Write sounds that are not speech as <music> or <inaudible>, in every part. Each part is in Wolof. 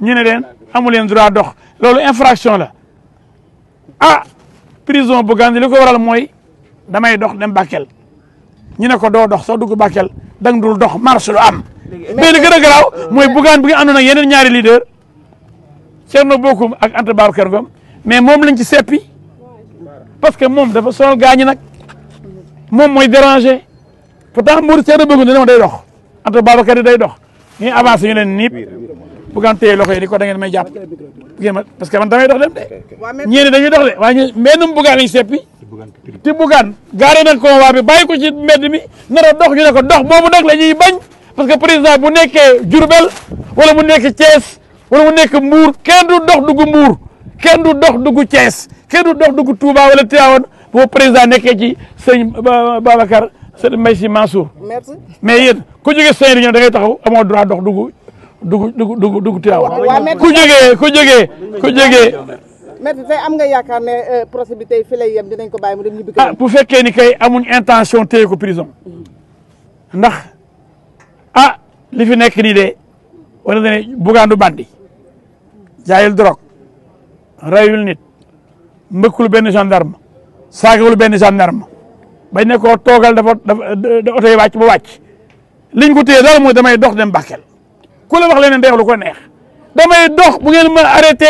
ñu ne leen amu leen droit dox loolu infraction la ah prison bu Gàmbi li ko waral mooy damay dox dem Bakel ñu ne ko doo dox soo dugg Bakel dang dul dox marche lu am. mais li gën a garaaw mooy Bougane bi nga àndoon yeneen ñaari leader Thierno Bocoum ak Anta Babacar Ngom mais moom lañ ci seppi parce que moom dafa sonal gaañi nag moom mooy déranger pourtant Mourou Thierno Bocoum dina ma day dox Anta Babacar yi day dox ñuy avancer ñu leen niip. bu gaan téye loxo yi ni ko da ngeen may jàpp parce que man damay dox dem de ñeeni dañuy dox de waaye ñu mbennum bugaan lañ seppi ti bugaan gaare nag convoi bi bàyyi ko ci mbedd mi nar a dox ñu ne ko dox boobu nag la ñuy bañ parce que président mu nekkee jur Diourbel wala mu nekk Thiès wala mu nekk Mbour kenn du dox dugg Mbour kenn du dox dugg Thiès kenn du dox dugg Touba wala Tivaouane boo président nekkee ci sëñ Babacar sëñ Maysi Mansour mais yéen ku jógee sëñ ñoom da ngay taxaw amoo droit dox dugg dugg dugg dugg dugg Tivaouane ku jógee ku jógee ku jógee maître tey am nga yaakaar ne euh, procès bi tey fi lay yem ko bàyyi dem ñibbi ah bu fekkee ni kay amuñ intention téye ko prison ndax ah li fi nekk nii de wala ne bugaandu bandi jaayul drogue rayul nit mbëkkul benn gendarme saagawul benn gendarme bañ ne koo toogal dafa dafa oto yi wàcc ba wàcc liñ ko téye dara mooy damay dox dem Bakel ku la wax leneen day wax lu ko neex damay dox bu ngeen ma arrêté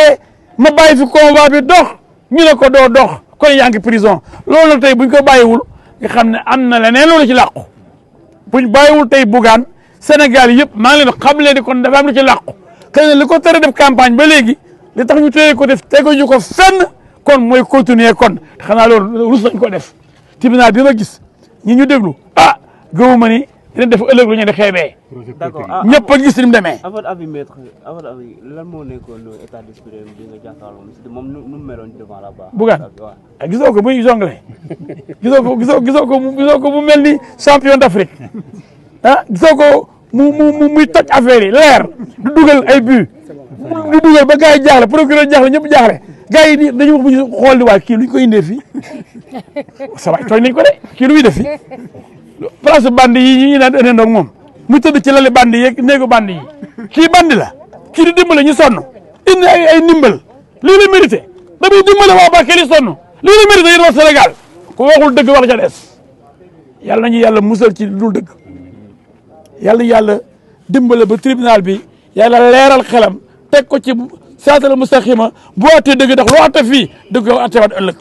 ma bàyyi fi convoi bi dox ñu ne ko doo dox ko yaa ngi prison loolu nag tey buñ ko bàyyiwul nga xam ne am na leneen lool ci làqu buñ bàyyiwul tey bugaan Sénégal yëpp maa ngi leen xam leen di kon dafa am lu ci làqu xëy na li ko tere def campagne ba léegi li tax ñu téree ko def teguñu ko fenn kon mooy continuer kon xanaa loolu rus nañ ko def tribunal bi ma gis ñi ñu déglu a ah, gëwuma ni dina def ëllëg lu ñu di xeebee. d'accord ah, ñëpp a gis ni mu demee. avant avis maître avant avis lan moo nekkoon état d'esprit bi nga jàkkaarloo moom nu mu meloon devant la barre. Bougane ah gisoo ko muy jongle <laughs> gisoo ko gisoo gisoo ko gisoo ko mu mel ni champion d'Afrique ah gisoo ko mu mu muy toj affaire yi leer du dugal ay but du dugal ba gars yi jaaxle procureur jaaxle ñëpp jaaxle gars yi di dañu wax bu ñu xool di waay kii lu ñu ko indee fii <laughs> sa waay tooñ nañ ko de kii lu muy def fii place bandi yi ñu naan ëndandoo moom mu tëdd ci lali bandi yeeg néegu bandi yi kii bandi la kii di dimbale ñu sonn indi ay ay ndimbal li la mérité damay dimbale waa Bakel yi sonn lii la mérité yéen waa Sénégal ku waxul dëgg wax ca des yàlla nañu yàlla musal ci dul dëgg yàlla yàlla dimbale ba tribunal bi yàlla leeral xelam teg ko ci saatal mustaqima bu attee dëgg ndax lu atte fii dëgg yow attewaat ëllëg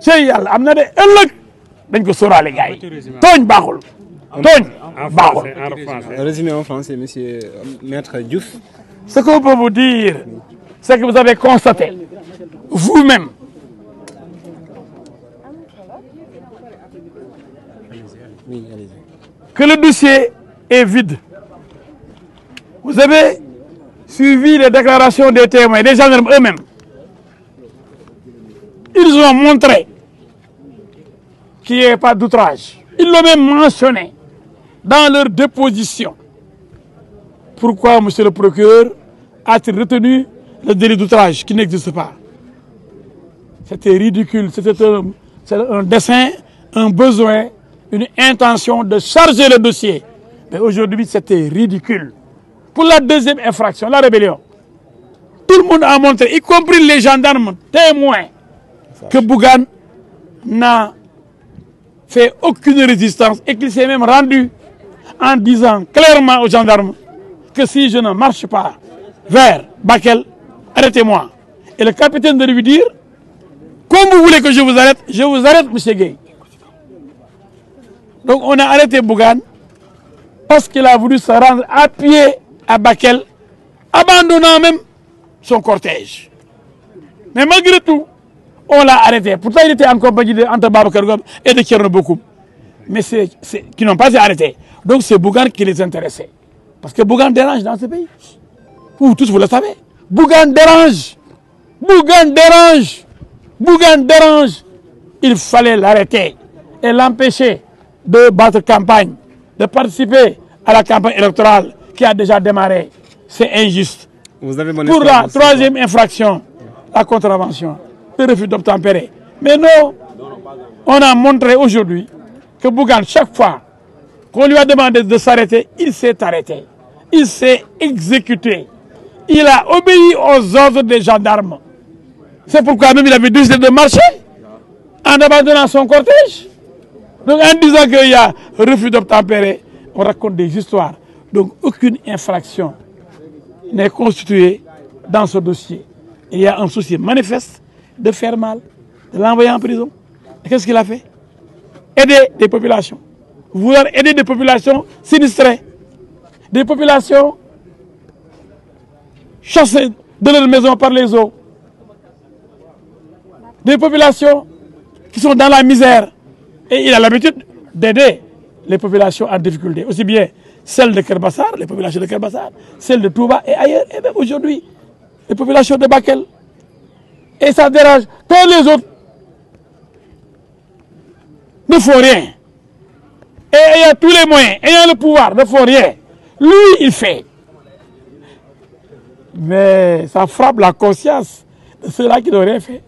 sey yàlla am na de ëllëg dañ ko sóoraale gars yi tooñ baaxul tooñ baaxul. résumé en français monsieur maître Diouf. ce qu'on peut vous dire c'est que vous avez constaté vous-même que le dossier est vide. Vous avez suivi les déclarations des témoins, des gendarmes eux-mêmes. Ils ont montré qu'il n'y ait pas d'outrage. Ils l'ont même mentionné dans leur déposition. Pourquoi, monsieur le procureur, a-t-il retenu le délit d'outrage qui n'existe pas C'était ridicule, c'était un, un dessein, un besoin, une intention de charger le dossier. Mais aujourd'hui, c'était ridicule. Pour la deuxième infraction, la rébellion, tout le monde a montré, y compris les gendarmes témoins, que Bougan n'a fait aucune résistance et même rendu en disant clairement aux gendarmes que si je ne marche pas vers Bakel, arrêtez-moi. Et le capitaine de lui dire, comme vous voulez que je vous arrête, monsieur Gay. Donc on a arrêté Bougan parce qu'il a voulu se rendre à pied à Bakel, abandonnant même son cortège. Mais malgré tout, on l'a arrêté. Pourtant, il était encore badji entre Babacar et de Tcherno beaucoup. Mais c'est qui n'ont pas été Donc c'est Bougan qui les intéressait. Parce que Bougan dérange dans ce pays. Vous tous, vous le savez. Bougan dérange. Bougan dérange. Il fallait l'arrêter et l'empêcher de battre campagne, de participer à la campagne électorale qui a déjà démarré. C'est injuste. Vous Pour la troisième infraction, la contravention. le refus d'obtempérer. Mais non, on a montré aujourd'hui que Bougan, chaque fois qu'on lui a demandé de s'arrêter, il s'est arrêté. Il s'est exécuté. Il a obéi aux ordres des gendarmes. C'est pourquoi même il avait décidé de marcher en abandonnant son cortège. Donc en disant qu'il y a refus d'obtempérer, on raconte des histoires. Donc aucune infraction n'est constituée dans ce dossier. Il y a un souci manifeste de faire mal, de l'envoyer en prison. Qu'est-ce qu'il a fait Aider des populations. Vouloir aider des populations sinistrées, des populations chassées de leur maison par les eaux, des populations qui sont dans la misère. Et il a l'habitude d'aider les populations en difficulté, aussi bien celles de Kerbassar, les populations de Kerbassar, celles de Touba et ailleurs, et même aujourd'hui, les populations de Bakel. et ça dérange tous les autres ne font rien. Et ayant tous les moyens, ayant le pouvoir, ne font rien. Lui, il fait. Mais ça frappe la conscience de là qui n'ont rien fait.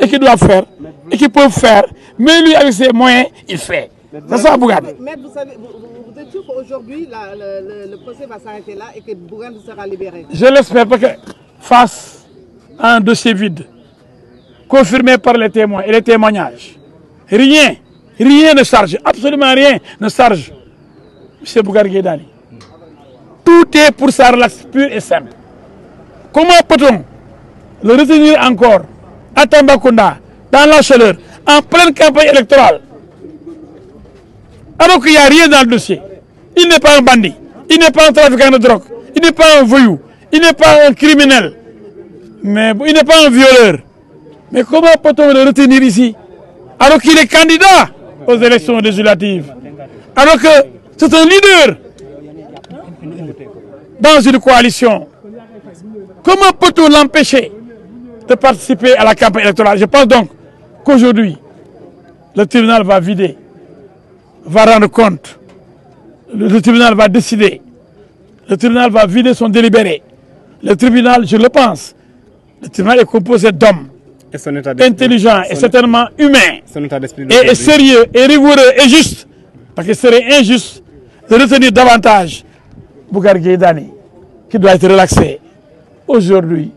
Et qui doivent faire, et qui peuvent faire. Mais lui, avec ses moyens, il fait. C'est ça, Bougane. Maître, vous, savez, vous, vous êtes sûr qu'aujourd'hui, le, le, procès va Je l'espère, parce que face à un dossier vide, confirmé par les témoins et les témoignages. Rien, rien ne charge, absolument rien ne charge M. Bougar Dani. Tout est pour sa relaxe pure et simple. Comment peut le retenir encore à Tambacounda, dans la chaleur, en pleine campagne électorale, alors qu'il a rien dans le dossier Il n'est pas un bandit, il n'est pas un trafiquant de drogue, il n'est pas un voyou, il n'est pas un criminel, mais il n'est pas un violeur. Mais comment peut-on le retenir ici alors qu'il est candidat aux élections législatives Alors que c'est un leader dans une coalition. Comment peut-on l'empêcher de participer à la campagne électorale Je pense donc qu'aujourd'hui, le tribunal va vider, va rendre compte, le tribunal va décider, le tribunal je le pense, le tribunal est composé d'hommes Et son état intelligent son... et certainement humain. et, sérieux et rigoureux et juste. Parce que serait injuste de retenir davantage Bougar Gaydani, qui doit être relaxé. Aujourd'hui,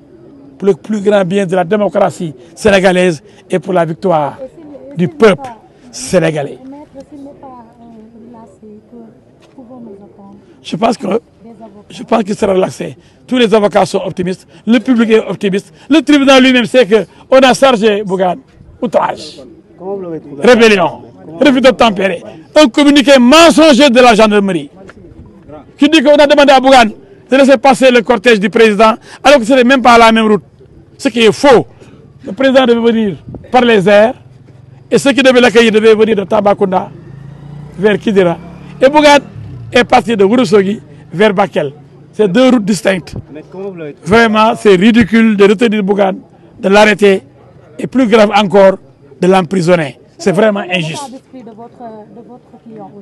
pour le plus grand bien de la démocratie sénégalaise et pour la victoire du peuple sénégalais. Euh, Je pense que je pense qu'il sera relaxé. Tous les avocats sont optimistes, le public est optimiste. Le tribunal lui-même sait qu'on a chargé Bougane. Outrage, rébellion, refus d'obtempérer. Un communiqué mensonger de la gendarmerie qui dit qu'on a demandé à Bougane de laisser passer le cortège du président alors que ce n'est même pas la même route. Ce qui est faux. Le président devait venir par les airs qui de Tambacounda Et Bougane est parti de Wurusogi vers Bakel c'est deux routes distinctes vraiment c'est ridicule de retenir Bougane de l'arrêter et plus grave encore de l'emprisonner c'est vraiment injuste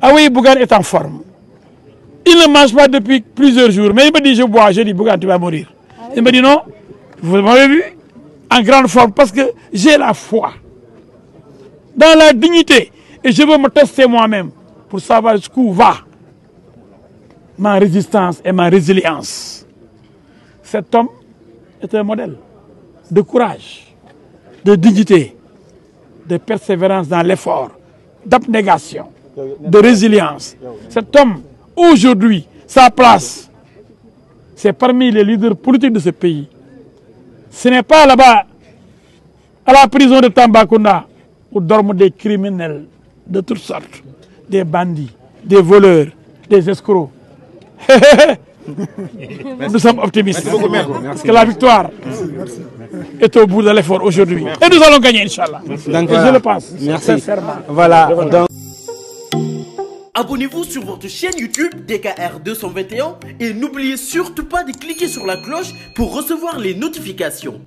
ah oui est en forme il ne mange pas depuis plusieurs jours mais il me dit je bois je dis Bougane tu vas mourir ah il me dit non vous m'avez vu en grande forme parce que j'ai la foi dans la dignité et je veux me tester moi-même pour savoir jusqu'où va ma résistance et ma résilience. Cet homme est un modèle de courage, de dignité, de persévérance dans l'effort, d'abnégation, de résilience. Cet homme, aujourd'hui, sa place, c'est parmi les leaders politiques de ce pays. Ce n'est pas là-bas, à la prison de Tambacounda, où dorment des criminels de toutes sortes, des bandits, des voleurs, des escrocs. <laughs> nous sommes optimistes. Parce que la victoire est au bout de l'effort aujourd'hui. Et nous allons gagner, Inch'Allah. Et je le pense. Merci. Voilà. Donc... Abonnez-vous sur votre chaîne YouTube DKR et n'oubliez surtout pas de cliquer sur la cloche pour recevoir les notifications.